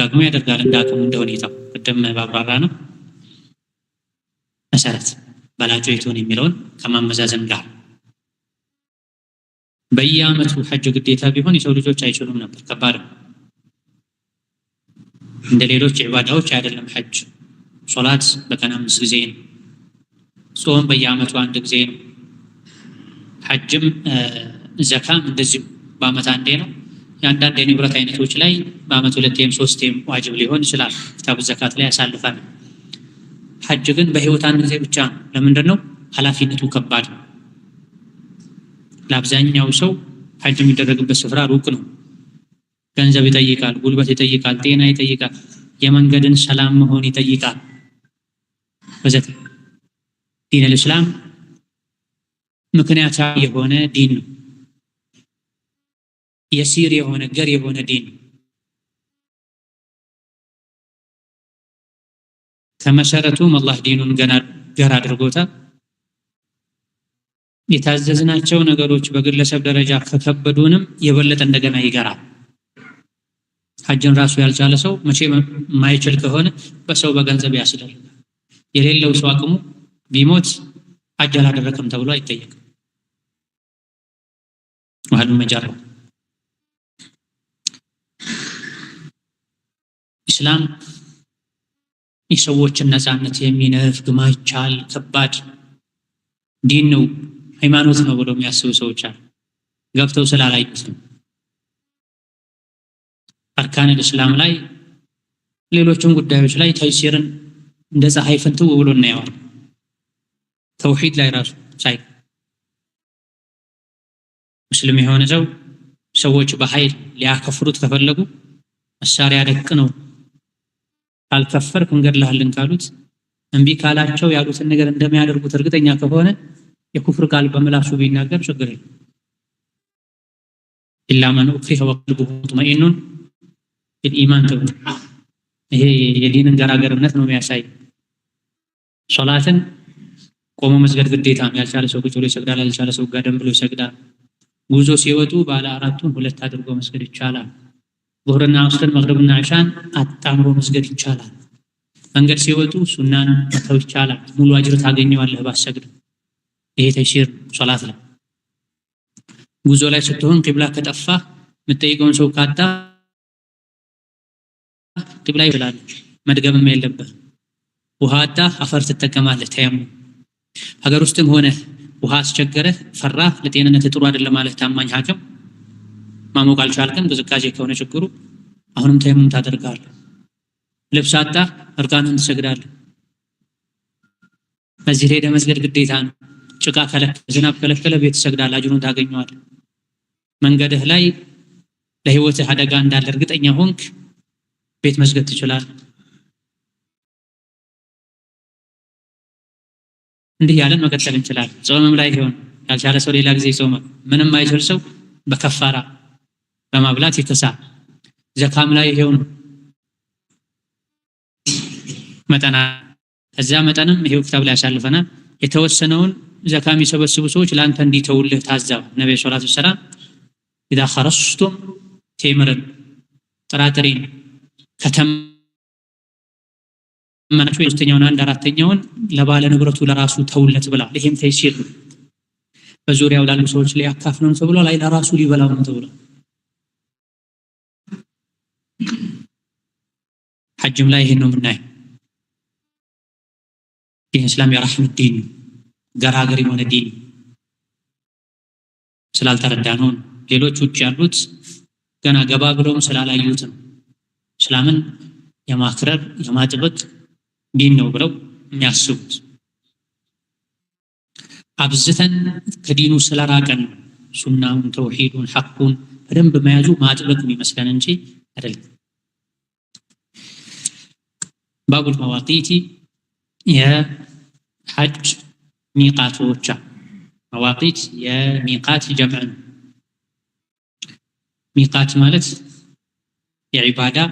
ደጋግሞ ያደርጋል እንደ አቅሙ እንደ ሁኔታው። ቅድም ባብራራ ነው መሰረት በላጩ የሚለውን ከማመዛዘን ጋር በየአመቱ ሐጅ ግዴታ ቢሆን የሰው ልጆች አይችሉም ነበር። ከባድ ነው። እንደ ሌሎች ዒባዳዎች አይደለም። ሐጅ ሶላት በቀን አምስት ጊዜ ነው። ጾም በየአመቱ አንድ ጊዜ ነው። ሐጅም ዘካም እንደዚሁ በአመት አንዴ ነው። የአንዳንድ የንብረት አይነቶች ላይ በአመት ሁለቴም ሶስቴም ዋጅብ ሊሆን ይችላል። ኪታቡ ዘካት ላይ ያሳልፋል። ሐጅ ግን በህይወት አንድ ጊዜ ብቻ ነው። ለምንድን ነው? ኃላፊነቱ ከባድ ነው። ለአብዛኛው ሰው ሐጅ የሚደረግበት ስፍራ ሩቅ ነው። ገንዘብ ይጠይቃል፣ ጉልበት ይጠይቃል፣ ጤና ይጠይቃል፣ የመንገድን ሰላም መሆን ይጠይቃል ወዘተ። ዲን አልእስላም ምክንያታዊ የሆነ ዲን ነው። የሲር የሆነ ገር የሆነ ዲን ከመሰረቱም አላህ ዲኑን ገና ገር አድርጎታል። የታዘዝናቸው ነገሮች በግለሰብ ደረጃ ከከበዱንም የበለጠ እንደገና ይገራል። ሐጅን ራሱ ያልቻለ ሰው መቼ ማይችል ከሆነ በሰው በገንዘብ ያስደርጋል። የሌለው ሰው አቅሙ ቢሞት ሐጅ አላደረክም ተብሎ አይጠየቅም። ዋህዱ መጃራ ኢስላም የሰዎችን ነፃነት የሚነፍግ ማይቻል ከባድ ዲን ነው፣ ሃይማኖት ነው ብለው የሚያስቡ ሰዎች አሉ። ገብተው ስላላዩት ነው። አርካን እስላም ላይ ሌሎችም ጉዳዮች ላይ ተይሲርን እንደ ፀሐይ ፍንትው ብሎ እናየዋል። ተውሂድ ላይ ራሱ ሳይ ሙስሊም የሆነ ሰው ሰዎች በኃይል ሊያከፍሩት ከፈለጉ መሳሪያ ደቅ ነው ካልከፈርክ እንገድልሃለን ካሉት እንቢ ካላቸው ያሉትን ነገር እንደሚያደርጉት እርግጠኛ ከሆነ የኩፍር ቃል በምላሱ ቢናገር ችግር የለም። ኢላ መን ኡክሪሀ ወቀልቡሁ ሙጥመኢኑን ቢልኢማን ተው። ይሄ የዲንን ገራገርነት ነው የሚያሳይ። ሶላትን ቆሞ መስገድ ግዴታ ነው። ያልቻለ ሰው ቁጭ ብሎ ይሰግዳል፣ ያልቻለ ሰው ጋደም ብሎ ይሰግዳል። ጉዞ ሲወጡ ባለ አራቱን ሁለት አድርጎ መስገድ ይቻላል። ዙህርና አስርን መግሪብና ኢሻን አጣምሮ መስገድ ይቻላል። መንገድ ሲወጡ ሱናን መተው ይቻላል። ሙሉ አጅር ታገኘዋለህ ባሰግድ። ይሄ ተይሲር ሶላት ነው። ጉዞ ላይ ስትሆን ቂብላ ከጠፋ የምጠይቀውን ሰው ካጣ ቂብላ ይላል፣ መድገምም የለብህ። ውሃ አጣ አፈር ትጠቀማለህ። ተያሙ ሀገር ውስጥም ሆነ ውሃ አስቸገረህ፣ ፈራ ለጤንነት ጥሩ አይደለም ማለት ታማኝ ሐኪም ማሞቅ አልቻልክም፣ ቅዝቃዜ ከሆነ ችግሩ አሁንም ተየሙም ታደርጋለ። ልብስ አጣ፣ እርቃንን ትሰግዳለ። በዚህ ላይ ለመስገድ ግዴታ ነው። ጭቃ ከለከለ፣ ዝናብ ከለከለ፣ ቤት ትሰግዳለ፣ አጅሩን ታገኘዋል። መንገድህ ላይ ለህይወትህ አደጋ እንዳለ እርግጠኛ ሆንክ፣ ቤት መስገድ ትችላል። እንዲህ ያለን መቀጠል እንችላለን። ጾምም ላይ ይሆን ያልቻለ ሰው ሌላ ጊዜ ይጾማል። ምንም አይችል ሰው በከፋራ በማብላት የተሳለ ዘካም ላይ ይሄው ነው መጠና ከዚያ መጠንም ይሄው ክታብ ላይ ያሳልፈናል። የተወሰነውን ዘካ የሚሰበስቡ ሰዎች ለአንተ እንዲተውልህ ታዘው ነቢ ሰላት ሰላም ኢዛ ኸረስቱም ቴምርን፣ ጥራጥሬን ከተመናቸው የሶስተኛውን አንድ አራተኛውን ለባለ ንብረቱ ለራሱ ተውለት ብሏል። ይሄም ተይሲር በዙሪያው ላሉ ሰዎች ላይ ተብሏል። አይ ለራሱ ሊበላው ነው ተብሏል። ሐጅም ላይ ይሄን ነው የምናየው። ይህ እስላም የራህመት ዲን ገራገር የሆነ ዲን ስላልተረዳ ነው። ሌሎች ውጭ ያሉት ገና ገባ ብለውም ስላላዩት ነው። እስላምን የማክረር የማጥበቅ ዲን ነው ብለው የሚያስቡት አብዝተን ከዲኑ ስለራቀን ሱናውን፣ ተውሂዱን፣ ሐቁን በደንብ መያዙ ማጥበቅ የሚመስለን እንጂ አይደለም። باب المواقيت يا حج ميقات وجه مواقيت يا ميقات جمع ميقات مالت يا عبادة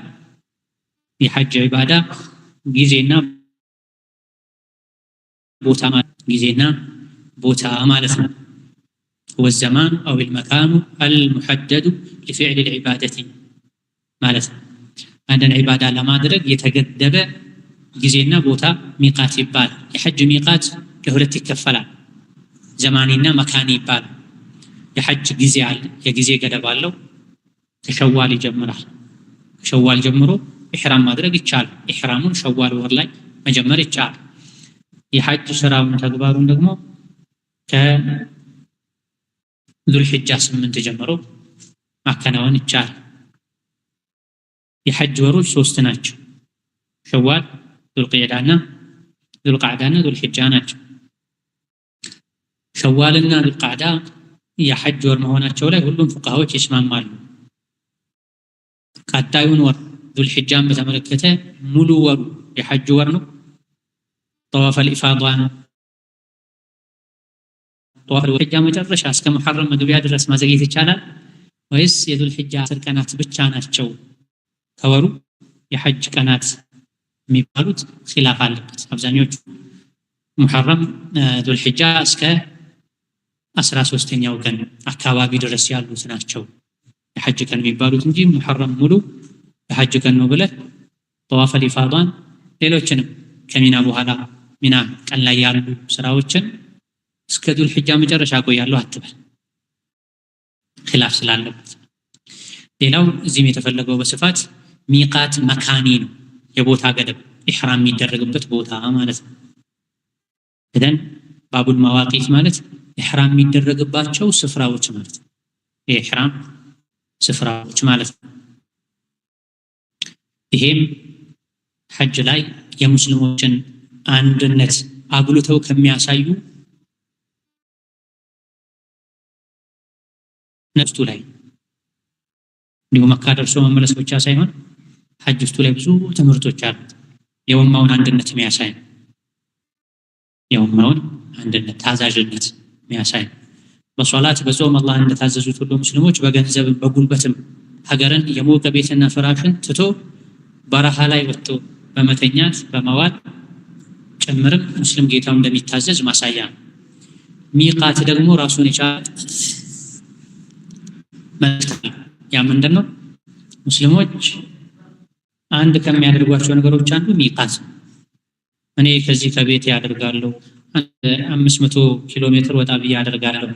ዒባዳ ጊዜና ቦታ جزينا بوتا مالتنا هو الزمان أو المكان المحدد لفعل العبادة مالت عندنا عبادة لما درج يتجدب ጊዜና ቦታ ሚቃት ይባላል። የሐጅ ሚቃት ለሁለት ይከፈላል። ዘማኒና መካኒ ይባላል። የሐጅ ጊዜ አለ፣ የጊዜ ገደብ አለው። ከሸዋል ይጀምራል። ከሸዋል ጀምሮ ኢሕራም ማድረግ ይቻላል። ኢሕራሙን ሸዋል ወር ላይ መጀመር ይቻላል። የሐጅ ስራውን ተግባሩን ደግሞ ከዙልሕጃ ስምንት ጀምሮ ማከናወን ይቻላል። የሐጅ ወሮች ሶስት ናቸው። ሸዋል ذو القعدانة ذو القعدانة ذو الحجانة شوالنا ذو القعدة يا حج ورمهونة شولة كلهم فقهاء كشمان مالو قد تايون ور ذو الحجان نعم بتملكته ملو ور يا حج ورنو طواف الإفاضة نعم. طواف الحجة ما جرش أسك محرم ما دبي هذا الرسم زي كذا ويس يدل الحجة سر كانت بتشانات شو كورو يحج كانت የሚባሉት ኪላፍ አለበት አብዛኞቹ ሙሐረም ዱልሕጃ እስከ አስራ ሶስተኛው ቀን አካባቢ ድረስ ያሉት ናቸው የሐጅ ቀን የሚባሉት እንጂ ሙሐረም ሙሉ የሐጅ ቀን ነው ብለ ጠዋፈል ኢፋዳን ሌሎችንም ከሚና በኋላ ሚና ቀን ላይ ያሉ ስራዎችን እስከ ዱልሕጃ መጨረሻ ቆያለሁ አትበል ኪላፍ ስላለበት ሌላው እዚህም የተፈለገው በስፋት ሚቃት መካኒ ነው የቦታ ገደብ ኢሕራም የሚደረግበት ቦታ ማለት ነው። ደን ባቡል መዋቂት ማለት ኢሕራም የሚደረግባቸው ስፍራዎች ማለት ነው። የኢሕራም ስፍራዎች ማለት ነው። ይሄም ሐጅ ላይ የሙስሊሞችን አንድነት አጉልተው ከሚያሳዩ ነፍቱ ላይ እንዲሁም መካ ደርሶ መመለስ ብቻ ሳይሆን ሐጅ ውስጡ ላይ ብዙ ትምህርቶች አሉት። የኡማውን አንድነት የሚያሳይ ነው። የኡማውን አንድነት ታዛዥነት የሚያሳይ ነው። በሶላት በጾም አላህ እንደታዘዙት ሁሉ ሙስሊሞች በገንዘብም በጉልበትም ሀገርን የሞቀ ቤትና ፍራሽን ትቶ በረሃ ላይ ወጥቶ በመተኛት በመዋል ጭምርም ሙስሊም ጌታው እንደሚታዘዝ ማሳያ ነው። ሚቃት ደግሞ ራሱን የቻለ መልእክት ያ ምንድን ነው? ሙስሊሞች አንድ ከሚያደርጓቸው ነገሮች አንዱ ሚቃት ነው። እኔ ከዚህ ከቤት ያደርጋለሁ አምስት መቶ ኪሎ ሜትር ወጣ ብዬ አደርጋለሁ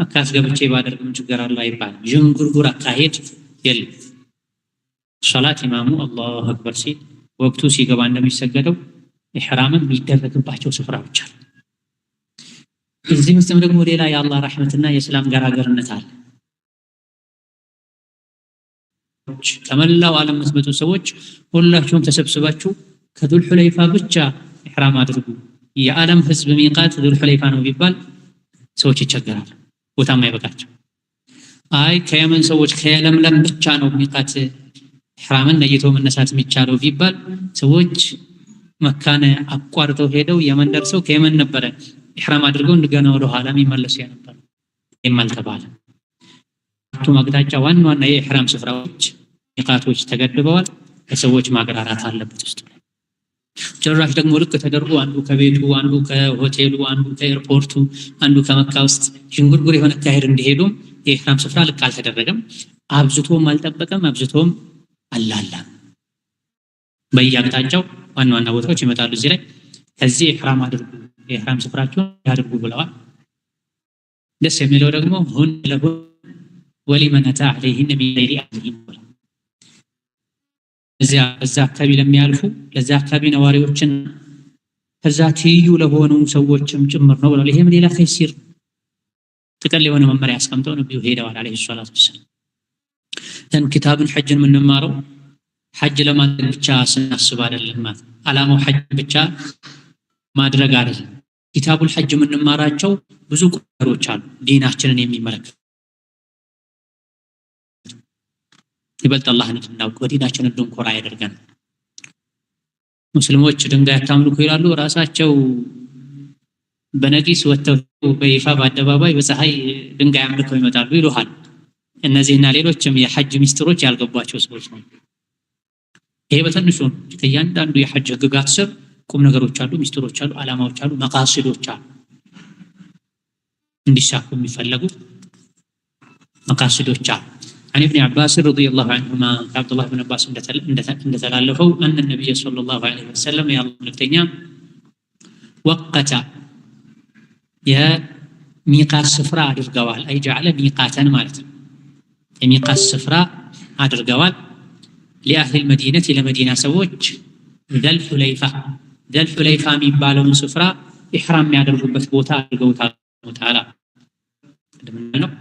መካስ ገብቼ ባደርግም ችግር አለ አይባልም። ዥንጉርጉር አካሄድ የለም። ሰላት ኢማሙ አላሁ አክበር ሲል ወቅቱ ሲገባ እንደሚሰገደው ኢሕራምን የሚደረግባቸው ስፍራዎች አሉ። እዚህ ውስጥም ደግሞ ሌላ የአላህ ረሕመትና የእስላም ገራገርነት አለ። ከመላው ዓለም የምትመጡ ሰዎች ሁላችሁም ተሰብስባችሁ ከዱል ሁለይፋ ብቻ ኢሕራም አድርጉ። የዓለም ህዝብ ሚቃት ዱል ሁለይፋ ነው ቢባል ሰዎች ይቸገራሉ፣ ቦታም አይበቃቸው። አይ ከየመን ሰዎች ከየለምለም ብቻ ነው ሚቃት ኢሕራምን ለይቶ መነሳት የሚቻለው ቢባል ሰዎች መካነ አቋርጠው ሄደው የመን ደርሰው ከየመን ነበረ ኢሕራም አድርገው እንደገና ወደ ኋላ የሚመለሱ የነበረ ይማል ተባለ። አራቱም አቅጣጫ ዋና ዋና የኢሕራም ስፍራዎች ሚቃቶች ተገድበዋል። ከሰዎች ማግራራት አለበት ውስጥ ጭራሽ ደግሞ ልክ ተደርጎ አንዱ ከቤቱ አንዱ ከሆቴሉ አንዱ ከኤርፖርቱ አንዱ ከመካ ውስጥ ሽንጉርጉር የሆነ አካሄድ እንዲሄዱም የኢሕራም ስፍራ ልክ አልተደረገም። አብዝቶም አልጠበቀም፣ አብዝቶም አላላም። በየአቅጣጫው ዋና ዋና ቦታዎች ይመጣሉ። እዚህ ላይ ከዚህ ኢሕራም አድርጉ፣ የኢሕራም ስፍራቸውን ያድርጉ ብለዋል። ደስ የሚለው ደግሞ ሁን ለሁን ወሊመነታ አታ አለይህን ቢገይሪ አህሊሂን እዚያ በዛ አካባቢ ለሚያልፉ ለዚያ አካባቢ ነዋሪዎችን ከዛ ትይዩ ለሆኑ ሰዎችም ጭምር ነው ብለዋል። ይሄም ሌላ ተይሲር ጥቅል የሆነ መመሪያ አስቀምጠው ነቢዩ ሄደዋል አለይሂ ሰላቱ ወሰላም። ተን ኪታብን ሐጅን የምንማረው ሐጅ ለማድረግ ብቻ ስናስብ አይደለም። ማለት ዓላማው ሐጅ ብቻ ማድረግ አይደለም። ኪታቡል ሐጅ የምንማራቸው ብዙ ቁጥሮች አሉ ዲናችንን የሚመለከቱ ይበልጥ አላህን እንድናውቅ በዲናችን እንድንኮራ ያደርገን። ሙስሊሞች ድንጋይ አታምልኩ ይላሉ። ራሳቸው በነቂስ ወጥተው በይፋ በአደባባይ በፀሐይ ድንጋይ አምልከው ይመጣሉ ይሉሃል። እነዚህና ሌሎችም የሐጅ ሚስጥሮች ያልገባቸው ሰዎች ነው። ይሄ በትንሹ ከእያንዳንዱ የሐጅ ህግጋት ስር ቁም ነገሮች አሉ፣ ሚስጥሮች አሉ፣ አላማዎች አሉ፣ መቃሲዶች አሉ እንዲሳኩ የሚፈለጉ መቃሲዶች አሉ። عن ابن عباس رضي الله عنهما عبد الله بن عباس عند تغلفه ان النبي صلى الله عليه وسلم يا الله نفتنيا وقت يا ميقات صفراء عدر قوال أي جعل ميقاتا مالتا ميقات سفرة عدر قوال لأهل المدينة إلى مدينة سوج ذا الحليفة ذا الحليفة من بالو من سفرة إحرام ما عدر قبث بوتا عدر قوتا تعالى